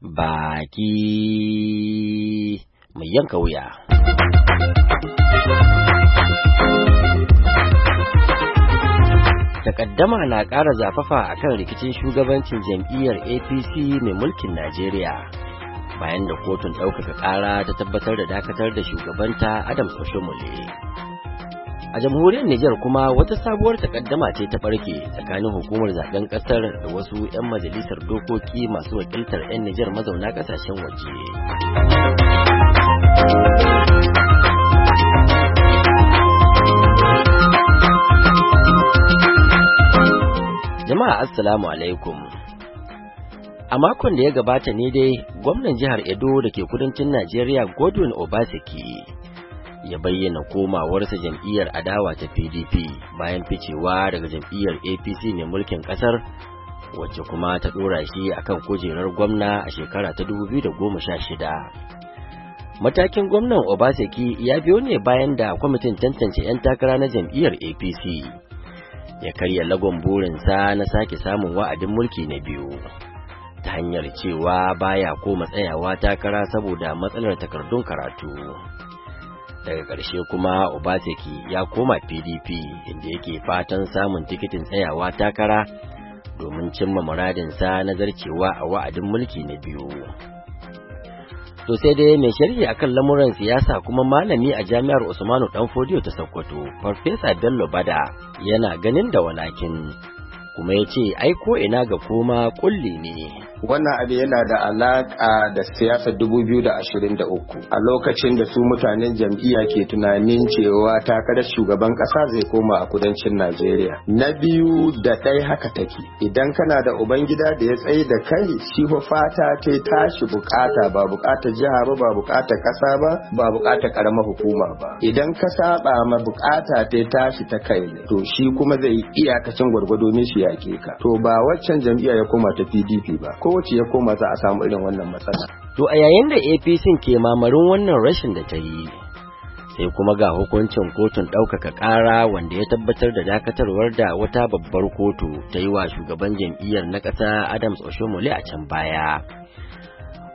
baki mai yanka wuya. Takaddama na ƙara zafafa a kan rikicin shugabancin jam'iyyar APC mai mulkin Najeriya. Bayan da kotun ɗaukaka ƙara ta tabbatar da dakatar da shugabanta Adam Oshomole. a jamhuriyar Nijar kuma wata sabuwar takaddama ce ta barke tsakanin hukumar zaben kasar da wasu 'yan majalisar dokoki masu wakiltar 'yan Nijar mazauna kasashen waje. Jama'a Assalamu alaikum. A makon da ya gabata ne dai gwamnan jihar Edo da ke kudancin Najeriya Godwin Obaseki ya bayyana komawarsa jam'iyyar adawa ta pdp bayan ficewa daga jam'iyyar apc mai mulkin kasar wacce kuma ta dora shi akan kujerar gwamna a shekara ta 2016 matakin gwamnan obaseki ya biyo ne bayan da kwamitin tantance 'yan takara na jam'iyyar apc ya karya lagon burinsa na sake samun wa'adin mulki na biyu ta hanyar cewa baya koma tsayawa takara saboda matsalar takardun karatu daga ƙarshe kuma obaseki ya koma pdp inda yake fatan samun tikitin tsayawa takara domin cimma muradinsa na zarcewa a wa'adin mulki na biyu Sosai sai dai mai sharhi akan lamuran siyasa kuma malami a jami'ar usmanu danfodiyo ta sokoto farfesa bello bada yana ganin da walakin kuma ya ce ai ko ina ga koma kulli ne wannan abu yana da alaƙa da siyasa 2023 a lokacin da su mutanen jam'iyya ke tunanin cewa takarar shugaban ƙasa zai koma a kudancin najeriya na biyu da ɗai haka take idan kana da ubangida da ya tsaye da kai shi fa fata ta tashi bukata ba bukata jiha ba ba bukatar kasa ba ba bukata karamar hukuma ba idan ka saba ma bukata ta tashi ta kai ne to shi kuma zai iyakacin gwargwado ne shi yake ka to ba waccan jam'iyya ya koma ta pdp ba kowace ya koma za a samu irin wannan matsala. To a yayin da APC ke mamarin wannan rashin da ta yi sai kuma ga hukuncin kotun ɗaukaka ƙara wanda ya tabbatar da dakatarwar da wata babbar kotu ta yi wa shugaban jam'iyyar na ƙasa Adams Oshomole a can baya.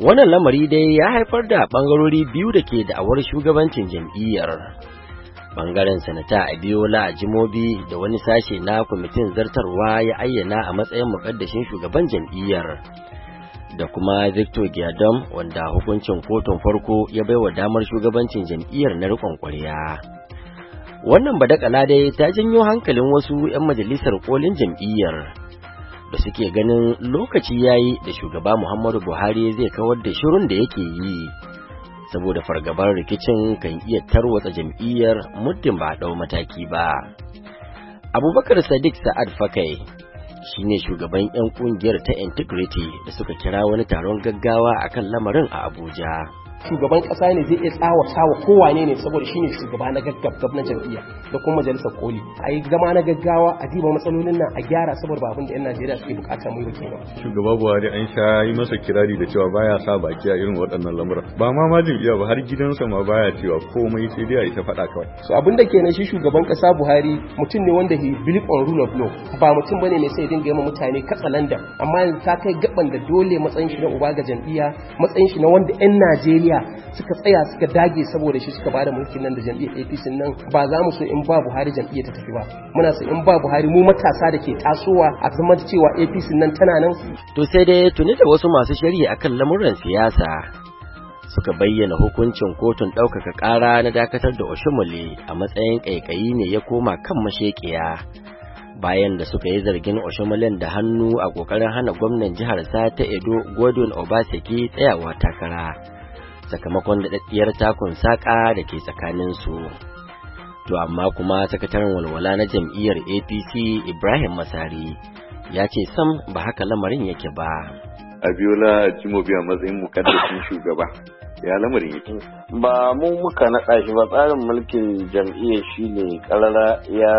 Wannan lamari dai ya haifar da ɓangarori biyu da ke da'awar shugabancin jam'iyyar. bangaren sanata abiola jimobi da wani sashe na kwamitin zartarwa ya ayyana a matsayin mukaddashin shugaban jam'iyyar da kuma victor giadom wanda hukuncin kotun farko ya baiwa damar shugabancin jam'iyyar na rikon kwarya wannan badakala dai ta janyo hankalin wasu 'yan majalisar kolin jam'iyyar da suke ganin lokaci yayi da shugaba muhammadu buhari zai kawar da shirin da yake yi saboda fargabar rikicin kan iya tarwatsa jam'iyyar muddin ba ɗau mataki ba abubakar sadiq sa'ad fakai shine shugaban 'yan kungiyar ta integrity da suka kira wani taron gaggawa akan lamarin a abuja shugaban kasa ne zai iya tsawata wa kowane ne saboda shine shugaba na gaggab na jam'iyya da kuma majalisar koli a yi zama na gaggawa a diba matsalolin nan a gyara saboda babun da yan najeriya suke bukata mu yi ba. shugaba buhari an sha yi masa kirari da cewa baya sa baki a irin waɗannan lamura ba ma ma jam'iyya ba har gidansa ma baya cewa komai sai dai a ita faɗa kawai so abin da kenan shi shugaban kasa buhari mutum ne wanda he believe on rule of law ba mutum bane mai sai dinga yi mutane katsalandan amma yanzu ta kai gaban da dole matsayin shi na uba ga jam'iyya matsayin shi na wanda yan najeriya tarayya suka tsaya suka dage saboda shi suka bada mulkin nan da jam'iyyar APC nan ba za mu so in ba Buhari jam'iyyar ta tafi ba muna so in ba Buhari mu matasa da ke tasowa a zama cewa APC nan tana nan to sai dai tuni da wasu masu shari'a akan lamuran siyasa suka bayyana hukuncin kotun ɗaukaka ƙara na dakatar da Oshimole a matsayin ƙaiƙayi ne ya koma kan mashekiya bayan da suka yi zargin oshumulen da hannu a ƙoƙarin hana gwamnan jihar ta Edo Godwin Obaseki tsayawa takara. sakamakon daɗaɗɗiyar takun saƙa da ke tsakaninsu. To amma kuma sakataren walwala na jam'iyyar APC Ibrahim Masari ya ce sam ba haka lamarin yake ba. Abiola Jimobi a matsayin mukaddashin shugaba ya lamarin yake. Ba mu muka naɗa shi ba tsarin mulkin jam'iyyar shi ne ƙarara ya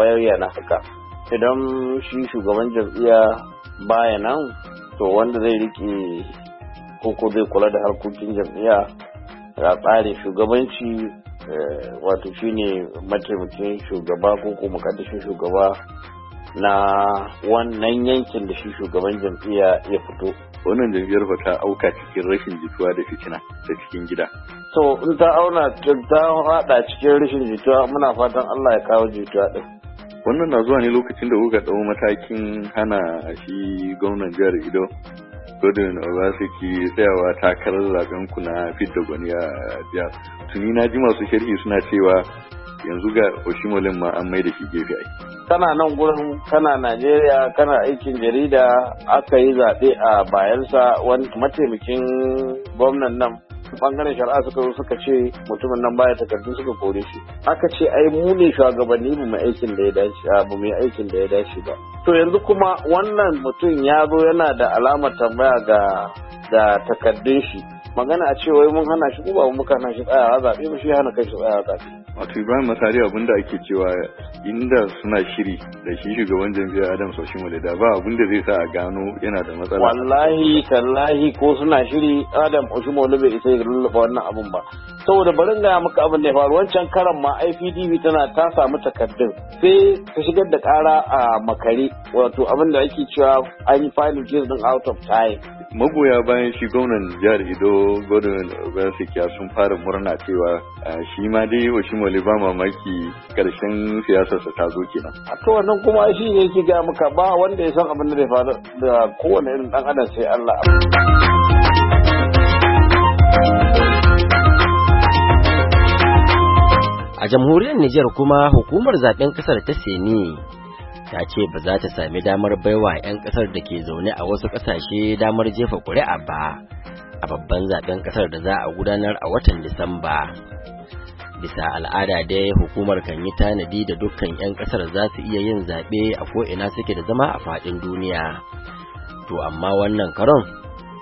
bayyana haka. Idan shi shugaban jam'iyya baya nan to wanda zai riƙe ko ko zai kula da harkokin jam'iyya a tsarin shugabanci eh, wato shine mataimakin shugaba ko ko mukaddashin shugaba na wannan yankin da shi shugaban jam'iyya ya fito wannan jam'iyyar ba ta auka cikin rashin jituwa da fitina da cikin gida. To in ta auna ta hada cikin rashin jituwa muna fatan Allah ya kawo jituwa din. Wannan na zuwa ne lokacin da kuka dau matakin hana shi gwamnan jihar Ido su obaseki tsayawa takarar zaben ku na fidda gwani a jihar tuni na ji masu sharhi suna cewa yanzu ga oshimolin ma an mai da shi gefe ake kana nan gurin kana najeriya kana aikin jarida aka yi zaɓe a bayansa wani mataimakin gwamnan nan bangaren shari'a suka zo suka ce mutumin nan baya takardu suka kore shi aka ce ai mu ne shugabanni mu mai aikin da ya dace ba mu aikin da ya dace ba to yanzu kuma wannan mutum ya zo yana da alamar tambaya ga da takardun shi magana a ce wai mun hana shi ko ba mu hana shi tsayawa zabe mu shi hana kai shi tsayawa zabe wato ibrahim masari abinda ake cewa inda suna shiri da shi shugaban jam'iyyar adam soshin da ba abinda zai sa a gano yana da matsala wallahi tallahi ko suna shiri adam soshin wale bai isa ya lullaba wannan abin ba saboda barin gaya muka abin da ya faru wancan karan ma ipdb tana ta samu takardun sai ta shigar da kara a makare wato abin da ake cewa an yi filin case din out of time magoya bayan shi gwamnan jihar Ido gwamnan Obasanjo sun fara murna cewa ah, shi ma dai Oshimole ba mamaki karshen siyasarsa ta zo kenan. A to wannan kuma shi ne yake ga muka ba wanda ya san abin da zai faru da kowane irin dan adam sai Allah. A jamhuriyar Nijar kuma hukumar zaben kasar ta Seni ta ce ba za ta sami damar baiwa 'yan kasar da ke zaune a wasu kasashe damar jefa ƙuri'a ba a babban zaben kasar da za a gudanar a watan Disamba. Bisa al'ada dai hukumar kan yi tanadi da dukkan 'yan kasar za su iya yin zaɓe a ko'ina suke da zama a faɗin duniya. To amma wannan karon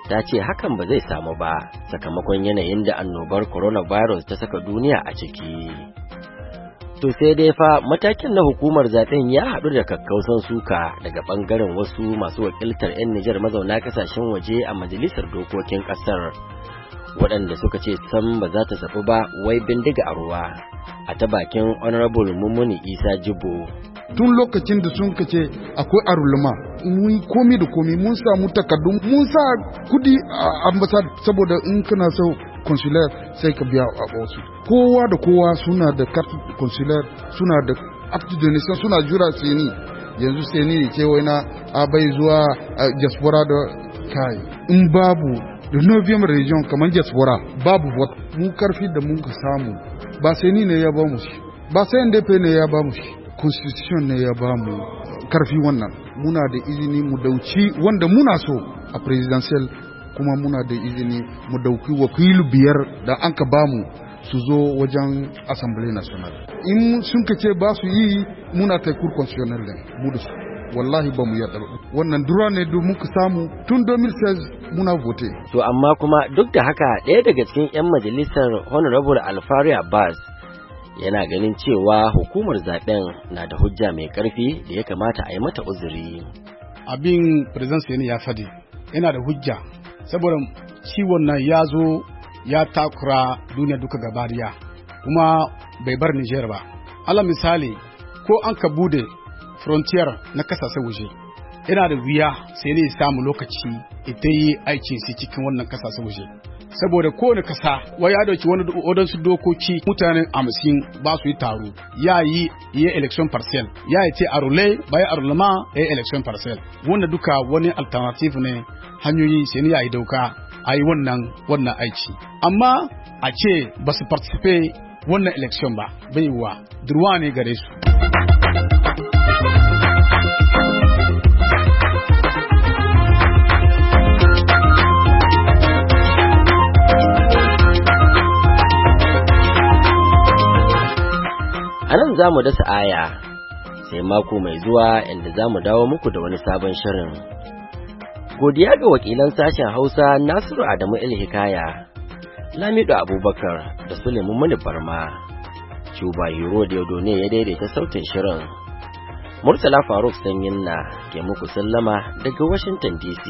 ta ce hakan ba zai samu ba sakamakon yanayin da annobar coronavirus ta saka duniya a ciki. To sai dai fa matakin na hukumar zaben ya haɗu da kakkausan suka daga ɓangaren wasu masu wakiltar 'yan Nijar mazauna kasashen waje a majalisar dokokin ƙasar. Waɗanda suka ce san ba za ta saɓi ba wai bindiga a ruwa a ta bakin Honorable Mummuni Isa Jibo. Tun lokacin da sun kace akwai arulma mun komi da komi mun samu takardu mun sa kudi a ambasad saboda in kana so consulaire sai ka biya a wasu kowa da kowa suna da carte consulaire suna da acte de naissance suna jura seni yanzu seni ce wai na abai zuwa euh, diaspora da kai in babu da novium region kamar diaspora babu wata mu karfi da mun ka samu ba seni ne ya ba mu shi ba sai ndp ne ya ba mu shi constitution ne ya ba mu karfi wannan muna da izini mu dauci wanda muna so a presidential kuma muna da izini mu dauki wakilu biyar da an ka bamu su zo wajen assembly national in sun ka ce ba su yi muna ta kur constitutional din mu da su wallahi ba mu yarda wannan dura ne domin ku samu tun 2016 muna vote to amma kuma duk da haka ɗaya daga cikin 'yan majalisar honorable alfari abbas yana ganin cewa hukumar zaben na da hujja mai karfi da ya kamata a yi mata uzuri abin president ne ya fadi yana da hujja saboda ciwon nan ya zo ya takura duniya duka gabariya kuma bai bar Nijar ba. Ala misali ko an ka bude frontier na kasashen waje. yana da wuya sai ne samu lokaci idan yi aikin su cikin wannan kasa su waje saboda kowane kasa wai ya dauki wani wadansu dokoki mutanen amsin ba su yi taro ya yi iya election parcel ya yi ce a rule bai a rulama ya election parcel wanda duka wani alternative ne hanyoyi sai ne ya yi dauka a yi wannan wannan aiki amma a ce ba su participate wannan election ba bai wa durwa ne gare su. za mu dasa aya sai mako mai zuwa inda za mu dawo muku da wani sabon shirin. Godiya ga wakilan sashen Hausa Nasiru Adamu Ilhikaya, Lamido Abubakar da Suleiman Mani Barma. Cuba Hero da ne ya daidaita sautin shirin. Murtala Faruk Sanyin na ke muku sallama daga Washington DC.